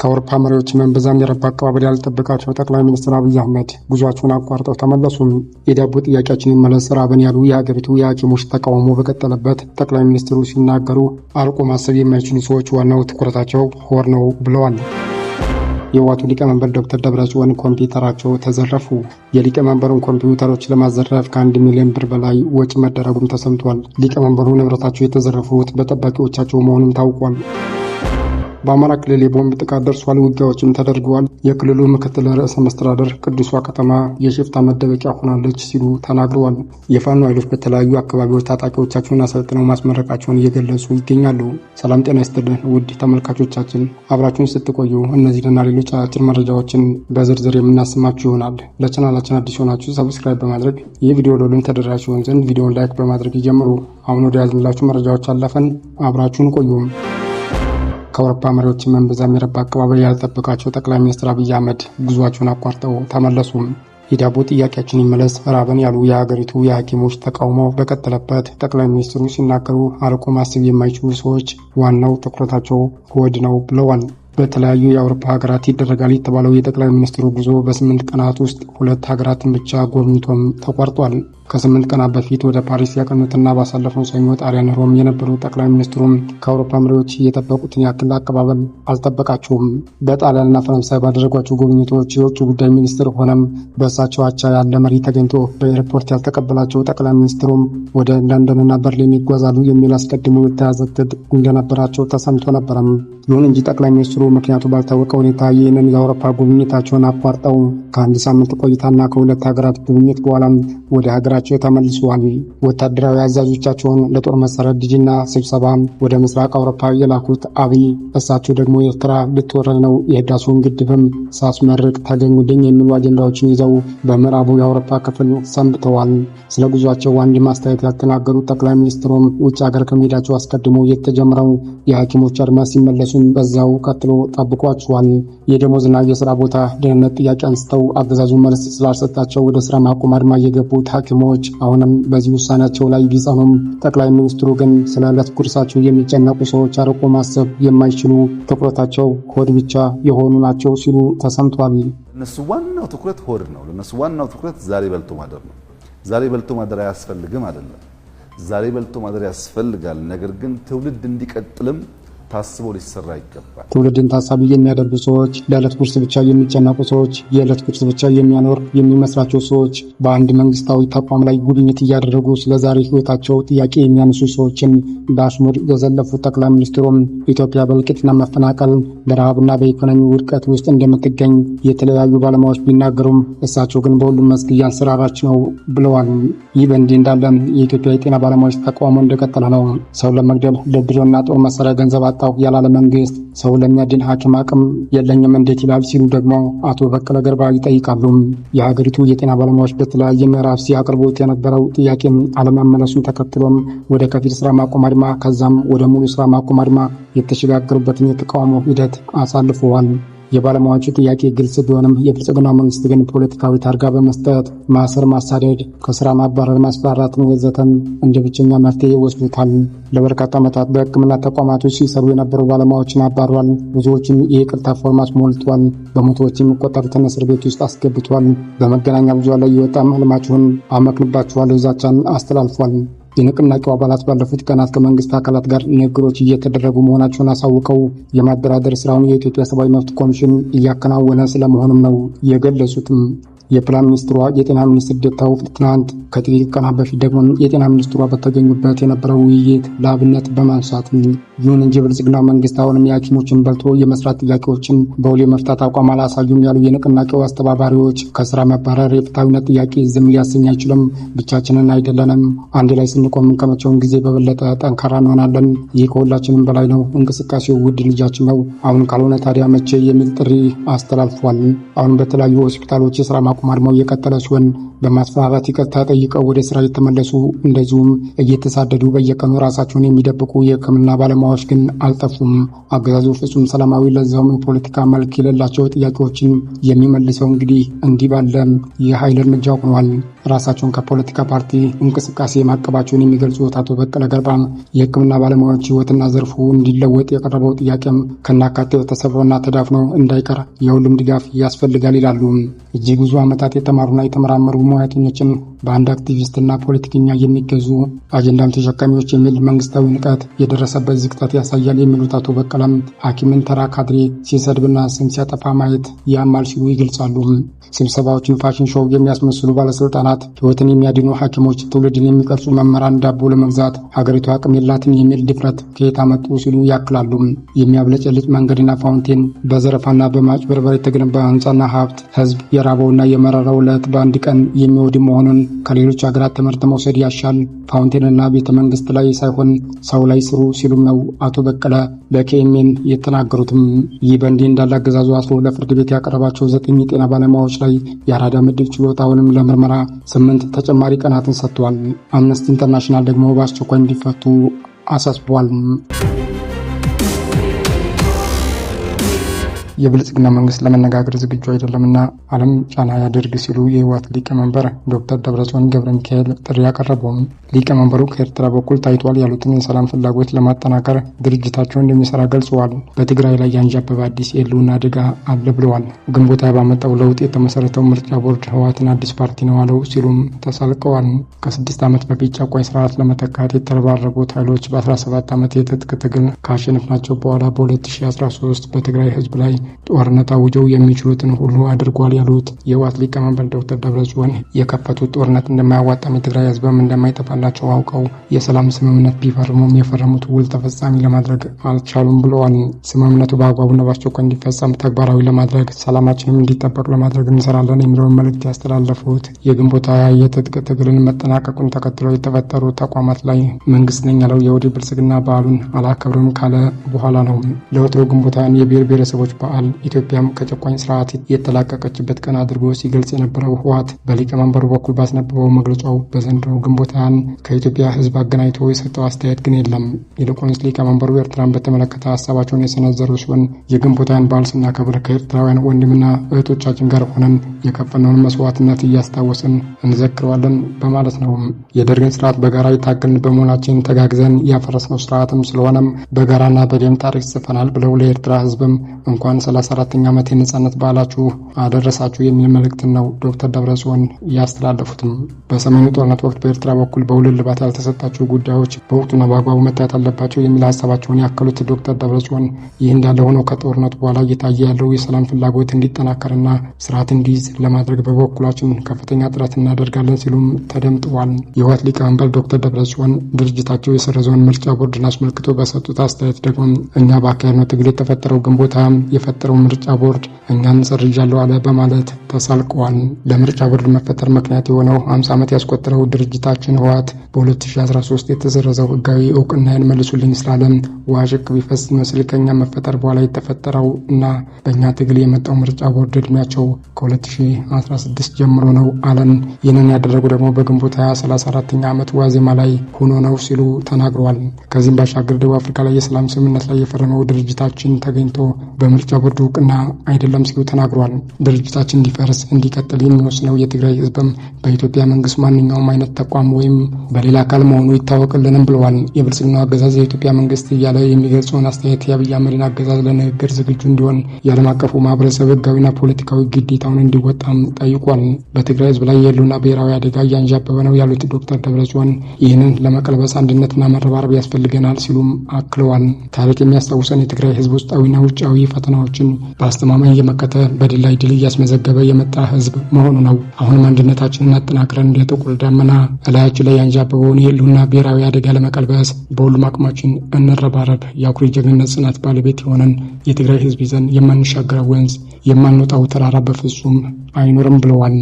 ከአውሮፓ መሪዎች እምብዛም የረባ አቀባበል ያልጠበቃቸው ጠቅላይ ሚኒስትር አብይ አህመድ ጉዟቸውን አቋርጠው ተመለሱም። የዳቦ ጥያቄያችን ይመለስ ራበን ያሉ የሀገሪቱ የሐኪሞች ተቃውሞ በቀጠለበት ጠቅላይ ሚኒስትሩ ሲናገሩ አልቆ ማሰብ የማይችሉ ሰዎች ዋናው ትኩረታቸው ሆር ነው ብለዋል። የህወሓቱ ሊቀመንበር ዶክተር ደብረጽዮን ኮምፒውተራቸው ተዘረፉ። የሊቀመንበሩን ኮምፒውተሮች ለማዘረፍ ከአንድ ሚሊዮን ብር በላይ ወጪ መደረጉም ተሰምቷል። ሊቀመንበሩ ንብረታቸው የተዘረፉት በጠባቂዎቻቸው መሆኑም ታውቋል። በአማራ ክልል የቦምብ ጥቃት ደርሷል፣ ውጊያዎችም ተደርገዋል። የክልሉ ምክትል ርዕሰ መስተዳደር ቅዱሷ ከተማ የሽፍታ መደበቂያ ሆናለች ሲሉ ተናግረዋል። የፋኖ ኃይሎች በተለያዩ አካባቢዎች ታጣቂዎቻቸውን አሰልጥነው ማስመረቃቸውን እየገለጹ ይገኛሉ። ሰላም ጤና ይስጥልን ውድ ተመልካቾቻችን፣ አብራችሁን ስትቆዩ እነዚህንና ሌሎች አጭር መረጃዎችን በዝርዝር የምናሰማችሁ ይሆናል። ለቻናላችን አዲስ ሆናችሁ ሰብስክራይብ በማድረግ ይህ ቪዲዮ ለሁሉም ተደራሽ ይሆን ዘንድ ቪዲዮን ላይክ በማድረግ ይጀምሩ። አሁን ወደ ያዝንላችሁ መረጃዎች አለፈን። አብራችሁን ቆዩም ከአውሮፓ መሪዎች መንበዛ የሚረባ አቀባበል ያልጠበቃቸው ጠቅላይ ሚኒስትር አብይ አህመድ ጉዟቸውን አቋርጠው ተመለሱ። የዳቦ ጥያቄያችን ይመለስ ራበን ያሉ የሀገሪቱ የሐኪሞች ተቃውሞ በቀጠለበት ጠቅላይ ሚኒስትሩ ሲናገሩ አርቆ ማሰብ የማይችሉ ሰዎች ዋናው ትኩረታቸው ሆድ ነው ብለዋል። በተለያዩ የአውሮፓ ሀገራት ይደረጋል የተባለው የጠቅላይ ሚኒስትሩ ጉዞ በስምንት ቀናት ውስጥ ሁለት ሀገራትን ብቻ ጎብኝቶም ተቋርጧል። ከስምንት ቀናት በፊት ወደ ፓሪስ ያቀኑትና ባሳለፈው ሰኞ ጣሊያን ሮም የነበሩ ጠቅላይ ሚኒስትሩም ከአውሮፓ መሪዎች የጠበቁትን ያክል አቀባበል አልጠበቃቸውም። በጣሊያንና ፈረንሳይ ባደረጓቸው ጉብኝቶች የውጭ ጉዳይ ሚኒስትር ሆነም በእሳቸው አቻ ያለ መሪ ተገኝቶ በኤርፖርት ያልተቀበላቸው ጠቅላይ ሚኒስትሩም ወደ ለንደንና በርሊን ይጓዛሉ የሚል አስቀድሞ የተያዘ እቅድ እንደነበራቸው ተሰምቶ ነበረም። ይሁን እንጂ ጠቅላይ ሚኒስትሩ ምክንያቱ ባልታወቀ ሁኔታ ይህንን የአውሮፓ ጉብኝታቸውን አቋርጠው ከአንድ ሳምንት ቆይታና ከሁለት ሀገራት ጉብኝት በኋላም ወደ ሀገራ ወደየሀገራቸው ተመልሰዋል። ወታደራዊ አዛዦቻቸውን ለጦር መሳሪያ ድጅና ስብሰባ ወደ ምስራቅ አውሮፓ የላኩት አብይ፣ እሳቸው ደግሞ ኤርትራ ልትወረር ነው፣ የህዳሴውን ግድብም ሳስመርቅ ተገኙልኝ የሚሉ አጀንዳዎችን ይዘው በምዕራቡ የአውሮፓ ክፍል ሰንብተዋል። ስለ ጉዟቸው አንድ ማስተያየት ያተናገሩት ጠቅላይ ሚኒስትሩም ውጭ ሀገር ከመሄዳቸው አስቀድሞ የተጀመረው የሐኪሞች አድማ ሲመለሱም በዛው ቀጥሎ ጠብቋቸዋል። የደሞዝና የስራ ቦታ ደህንነት ጥያቄ አንስተው አገዛዙ መልስ ስላልሰጣቸው ወደ ስራ ማቆም አድማ እየገቡት ሐኪሞች ባለሙያዎች አሁንም በዚህ ውሳኔያቸው ላይ ቢጸኑም ጠቅላይ ሚኒስትሩ ግን ስለ ዕለት ጉርሳቸው የሚጨነቁ ሰዎች አርቆ ማሰብ የማይችሉ ትኩረታቸው ሆድ ብቻ የሆኑ ናቸው ሲሉ ተሰምቷል። እነሱ ዋናው ትኩረት ሆድ ነው። ለነሱ ዋናው ትኩረት ዛሬ በልቶ ማደር ነው። ዛሬ በልቶ ማደር አያስፈልግም አይደለም። ዛሬ በልቶ ማደር ያስፈልጋል። ነገር ግን ትውልድ እንዲቀጥልም ታስቦ ሊሰራ ይገባል። ትውልድን ታሳቢ የሚያደርጉ ሰዎች፣ ለዕለት ቁርስ ብቻ የሚጨነቁ ሰዎች፣ የዕለት ቁርስ ብቻ የሚያኖር የሚመስላቸው ሰዎች፣ በአንድ መንግስታዊ ተቋም ላይ ጉብኝት እያደረጉ ስለ ዛሬ ህይወታቸው ጥያቄ የሚያነሱ ሰዎችን በአሽሙር የዘለፉት ጠቅላይ ሚኒስትሩም ኢትዮጵያ በእልቂትና መፈናቀል በረሃብና በኢኮኖሚ ውድቀት ውስጥ እንደምትገኝ የተለያዩ ባለሙያዎች ቢናገሩም እሳቸው ግን በሁሉም መስክ እያንሰራራች ነው ብለዋል። ይህ በእንዲህ እንዳለ የኢትዮጵያ የጤና ባለሙያዎች ተቃውሞ እንደቀጠለ ነው። ሰው ለመግደል ለድሮና ጦር መሳሪያ ገንዘብ አጣሁ ያላለ መንግስት ሰው ለሚያድን ሐኪም አቅም የለኝም እንዴት ይላል ሲሉ ደግሞ አቶ በቀለ ገርባ ይጠይቃሉ። የሀገሪቱ የጤና ባለሙያዎች በተለያየ ምዕራፍ ሲያቀርቡት የነበረው ጥያቄም አለመመለሱን ተከትሎም ወደ ከፊል ስራ ማቆም አድማ ከዛም ወደ ሙሉ ስራ ማቆም አድማ የተሸጋገሩበትን የተቃውሞ ሂደት አሳልፈዋል። የባለሙያዎቹ ጥያቄ ግልጽ ቢሆንም የብልጽግና መንግስት ግን ፖለቲካዊ ታርጋ በመስጠት ማሰር፣ ማሳደድ፣ ከስራ ማባረር፣ ማስፈራራትን ወዘተን እንደ ብቸኛ መፍትሄ ወስዶታል። ለበርካታ ዓመታት በሕክምና ተቋማቶች ሲሰሩ የነበሩ ባለሙያዎችን አባሯል። ብዙዎችም የይቅርታ ፎርማት ሞልቷል። በመቶዎች የሚቆጠሩትን እስር ቤት ውስጥ አስገብቷል። በመገናኛ ብዙሃን ላይ የወጣም ህልማችሁን አመክንባችኋለሁ ዛቻን አስተላልፏል። የንቅናቄው አባላት ባለፉት ቀናት ከመንግስት አካላት ጋር ንግግሮች እየተደረጉ መሆናቸውን አሳውቀው የማደራደር ስራውን የኢትዮጵያ ሰብአዊ መብት ኮሚሽን እያከናወነ ስለመሆኑም ነው የገለጹትም። የፕላን ሚኒስትሯ የጤና ሚኒስትር ዴኤታው ትናንት ከጥቂት ቀናት በፊት ደግሞ የጤና ሚኒስትሯ በተገኙበት የነበረው ውይይት ለአብነት በማንሳት ይሁን እንጂ ብልጽግና መንግስት አሁንም የሐኪሞችን በልቶ የመስራት ጥያቄዎችን በውል የመፍታት አቋም አላሳዩም ያሉ የንቅናቄው አስተባባሪዎች ከስራ መባረር የፍትሐዊነት ጥያቄ ዝም ሊያሰኝ አይችልም፣ ብቻችንን አይደለንም፣ አንድ ላይ ስንቆም ከመቼውም ጊዜ በበለጠ ጠንካራ እንሆናለን፣ ይህ ከሁላችንም በላይ ነው፣ እንቅስቃሴው ውድ ልጃችን ነው፣ አሁን ካልሆነ ታዲያ መቼ የሚል ጥሪ አስተላልፏል። አሁን በተለያዩ ሆስፒታሎች የስራ የማቆም አድማው የቀጠለ ሲሆን በማስፈራራት ይቅርታ ጠይቀው ወደ ስራ የተመለሱ እንደዚሁም እየተሳደዱ በየቀኑ ራሳቸውን የሚደብቁ የሕክምና ባለሙያዎች ግን አልጠፉም። አገዛዙ ፍጹም ሰላማዊ ለዚያውም የፖለቲካ መልክ የሌላቸው ጥያቄዎችን የሚመልሰው እንግዲህ እንዲህ ባለ የኃይል እርምጃ ሆኗል። ራሳቸውን ከፖለቲካ ፓርቲ እንቅስቃሴ ማቀባቸውን የሚገልጹት አቶ በቀለ ገርባ የሕክምና ባለሙያዎች ህይወትና ዘርፉ እንዲለወጥ የቀረበው ጥያቄም ከናካቴው ተሰብሮና ተዳፍኖ እንዳይቀር የሁሉም ድጋፍ ያስፈልጋል ይላሉ። እጅግ ብዙ ዓመታት የተማሩና የተመራመሩ ሙያተኞችን በአንድ አክቲቪስትና ፖለቲከኛ የሚገዙ አጀንዳም ተሸካሚዎች የሚል መንግስታዊ ንቃት የደረሰበት ዝቅጠት ያሳያል የሚሉት አቶ በቀለም ሐኪምን ተራ ካድሬ ሲሰድብና ስም ሲያጠፋ ማየት ያማል ሲሉ ይገልጻሉ። ስብሰባዎችን ፋሽን ሾው የሚያስመስሉ ባለስልጣናት፣ ህይወትን የሚያድኑ ሐኪሞች፣ ትውልድን የሚቀርጹ መምህራን ዳቦ ለመግዛት ሀገሪቱ አቅም የላትን የሚል ድፍረት ከየት መጡ ሲሉ ያክላሉ። የሚያብለጨልጭ መንገድና ፋውንቴን፣ በዘረፋና በማጭበርበር የተገነባ ህንፃና ሀብት ህዝብ የራበውና የመረረው ዕለት በአንድ ቀን የሚወድም መሆኑን ከሌሎች ሀገራት ትምህርት መውሰድ ያሻል፣ ፋውንቴንና ቤተ መንግስት ላይ ሳይሆን ሰው ላይ ስሩ ሲሉም ነው አቶ በቀለ ለኬኤምኤን የተናገሩትም። ይህ በእንዲህ እንዳለ አገዛዙ አስሮ ለፍርድ ቤት ያቀረባቸው ዘጠኝ የጤና ባለሙያዎች ላይ የአራዳ ምድብ ችሎት አሁንም ለምርመራ ስምንት ተጨማሪ ቀናትን ሰጥቷል። አምነስቲ ኢንተርናሽናል ደግሞ በአስቸኳይ እንዲፈቱ አሳስቧል። የብልጽግና መንግስት ለመነጋገር ዝግጁ አይደለምና ዓለም ጫና ያደርግ ሲሉ የህወሓት ሊቀመንበር ዶክተር ደብረጽዮን ገብረ ሚካኤል ጥሪ ያቀረበውም ሊቀመንበሩ ከኤርትራ በኩል ታይቷል ያሉትን የሰላም ፍላጎት ለማጠናከር ድርጅታቸው እንደሚሰራ ገልጸዋል። በትግራይ ላይ ያንዣበበ አዲስ የህልውና አደጋ አለ ብለዋል። ግንቦት ሃያ ባመጣው ለውጥ የተመሰረተው ምርጫ ቦርድ ህወሓትን አዲስ ፓርቲ ነው አለው ሲሉም ተሳልቀዋል። ከስድስት ዓመት በፊት ጨቋኝ ስርዓት ለመተካት የተረባረቡት ኃይሎች በ17 ዓመት የትጥቅ ትግል ናቸው። በኋላ በ2013 በትግራይ ህዝብ ላይ ጦርነት አውጀው የሚችሉትን ሁሉ አድርጓል ያሉት የህወሓት ሊቀመንበር ዶክተር ደብረጽዮን የከፈቱት ጦርነት እንደማያዋጣም የትግራይ ህዝብም እንደማይጠፋላቸው አውቀው የሰላም ስምምነት ቢፈርሙም የፈረሙት ውል ተፈጻሚ ለማድረግ አልቻሉም ብለዋል። ስምምነቱ በአግባቡና በአስቸኳይ እንዲፈጸም ተግባራዊ ለማድረግ ሰላማችንም እንዲጠበቅ ለማድረግ እንሰራለን የሚለውን መልእክት ያስተላለፉት የግንቦት ሃያ የትጥቅ ትግልን መጠናቀቁን ተከትሎ የተፈጠሩ ተቋማት ላይ መንግስት ነኝ ያለው የወዲህ ብልጽግና በዓሉን አላከብርም ካለ በኋላ ነው። ለወትሮ ግንቦት ሃያን የብሔር ብሔረሰቦች በዓል በዓል ኢትዮጵያም ከጨቋኝ ስርዓት የተላቀቀችበት ቀን አድርጎ ሲገልጽ የነበረው ህወሓት በሊቀመንበሩ በኩል ባስነበበው መግለጫው በዘንድሮው ግንቦት ሃያን ከኢትዮጵያ ህዝብ አገናኝቶ የሰጠው አስተያየት ግን የለም። ይልቁንስ ሊቀመንበሩ ኤርትራን በተመለከተ ሀሳባቸውን የሰነዘሩ ሲሆን የግንቦት ሃያን በዓል ስናከብር ከኤርትራውያን ወንድምና እህቶቻችን ጋር ሆነን የከፈነውን መስዋዕትነት እያስታወስን እንዘክረዋለን በማለት ነው። የደርግን ስርዓት በጋራ የታገልን በመሆናችን ተጋግዘን ያፈረስነው ስርዓትም ስለሆነም በጋራና በደም ታሪክ ጽፈናል ብለው ለኤርትራ ህዝብም እንኳን 34ኛ ዓመት የነጻነት በዓላችሁ አደረሳችሁ የሚል መልእክትን ነው ዶክተር ደብረጽዮን እያስተላለፉትም። በሰሜኑ ጦርነት ወቅት በኤርትራ በኩል በውል እልባት ያልተሰጣቸው ጉዳዮች በወቅቱና በአግባቡ መታየት አለባቸው የሚል ሀሳባቸውን ያከሉት ዶክተር ደብረጽዮን ይህ እንዳለ ሆኖ ከጦርነቱ በኋላ እየታየ ያለው የሰላም ፍላጎት እንዲጠናከርና ስርዓት እንዲይዝ ለማድረግ በበኩላችን ከፍተኛ ጥረት እናደርጋለን ሲሉም ተደምጠዋል። የህወሓት ሊቀመንበር ዶክተር ደብረጽዮን ድርጅታቸው የሰረዘውን ምርጫ ቦርድን አስመልክቶ በሰጡት አስተያየት ደግሞ እኛ በአካሄድ ነው ትግል የተፈጠረው ግንቦት ሃያም የተፈጠረው ምርጫ ቦርድ እኛን ሰርዣለሁ አለ በማለት ተሳልቀዋል። ለምርጫ ቦርድ መፈጠር ምክንያት የሆነው 50 ዓመት ያስቆጠረው ድርጅታችን ህወሓት በ2013 የተሰረዘው ህጋዊ እውቅናዬን መልሱልኝ ስላለም ውሃ ቢፈስ መስል ከኛ መፈጠር በኋላ የተፈጠረው እና በእኛ ትግል የመጣው ምርጫ ቦርድ እድሜያቸው ከ2016 ጀምሮ ነው አለን። ይህንን ያደረጉ ደግሞ በግንቦት 2034ኛ ዓመት ዋዜማ ላይ ሆኖ ነው ሲሉ ተናግረዋል። ከዚህም ባሻገር ደቡብ አፍሪካ ላይ የሰላም ስምምነት ላይ የፈረመው ድርጅታችን ተገኝቶ በምርጫ ቦርድ እውቅና አይደለም ሲሉ ተናግረዋል። ድርጅታችን እንዲፈ መቀርቀስ እንዲቀጥል የሚወስነው የትግራይ ህዝብም በኢትዮጵያ መንግስት ማንኛውም አይነት ተቋም ወይም በሌላ አካል መሆኑ ይታወቅልንም ብለዋል። የብልጽግናው አገዛዝ የኢትዮጵያ መንግስት እያለ የሚገልጸውን አስተያየት የአብይ አህመድን አገዛዝ ለንግግር ዝግጁ እንዲሆን የዓለም አቀፉ ማህበረሰብ ህጋዊና ፖለቲካዊ ግዴታውን እንዲወጣም ጠይቋል። በትግራይ ህዝብ ላይ የህልውና ብሔራዊ አደጋ እያንዣበበ ነው ያሉት ዶክተር ደብረጽዮን ይህንን ለመቀልበስ አንድነትና መረባረብ ያስፈልገናል ሲሉም አክለዋል። ታሪክ የሚያስታውሰን የትግራይ ህዝብ ውስጣዊና ውጫዊ ፈተናዎችን በአስተማማኝ እየመከተ በድል ላይ ድል እያስመዘገበ የመጣ ህዝብ መሆኑ ነው። አሁንም አንድነታችንን አጠናክረን እንደ ጥቁር ደመና እላያችን ላይ ያንዣበበውን የህልውና ብሔራዊ አደጋ ለመቀልበስ በሁሉም አቅማችን እንረባረብ። የአኩሪ ጀግንነት ጽናት ባለቤት የሆነን የትግራይ ህዝብ ይዘን የማንሻገረው ወንዝ የማንወጣው ተራራ በፍጹም አይኖርም ብለዋል።